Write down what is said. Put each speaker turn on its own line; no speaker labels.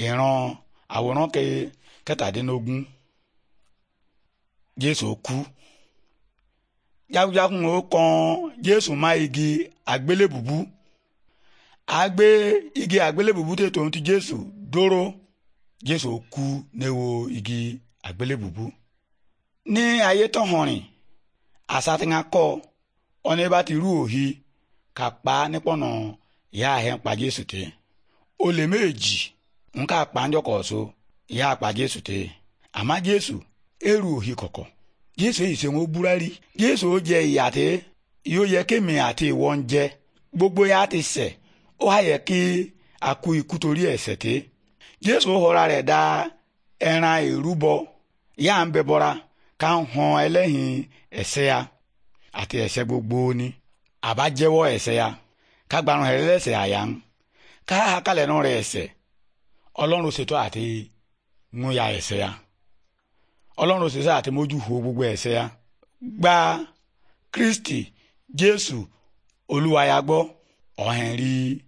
ìran àwòrán kẹtàdínlógún jésù kú jagunjagun ó kan jésù má igi àgbélébùbú àgbé igi àgbélébùbú tètò ohun ti jésù dóró jésù kú níwò igi àgbélébùbú ní ayé tán hàn rìn àṣà tí ń kọ ọ̀nà bá ti rú òhì kà pa ìyá àhẹ́ ń pa jésù tẹ́ olè méjì nke akpa njọ ka ọsụ ya akpa jesu te ama jesu eru ohi kọkọ jesu èyí ṣe wọn búrẹ́rí jesu ó jẹ ìyà tí yóò yẹ kémi àti ìwọ ń jẹ gbogbo ya ti ṣẹ̀ ó wá yẹ kí a kú ikú torí ẹ̀ṣẹ̀ tí jesu họra rẹ̀ dá ẹran ìrúbọ yá ń bẹ bọra ká ń hàn ẹlẹ́hìn ya àti ẹ̀ṣẹ̀ gbogbo ni àbá jẹ́wọ́ ẹ̀ṣẹ̀ ya ká gbarun rẹ̀ lẹ́sẹ̀ àyà ń ká àkàlẹ̀ nù rẹ̀ ẹ̀ṣẹ̀ ọlọ́run ṣètò àti múya ẹ̀ṣẹ̀ ya ọlọ́run ṣètò àti mójú fò gbogbo ẹ̀ṣẹ̀ ya gba kristi jésù olúwa ya gbọ́ ọ̀hìn rí i.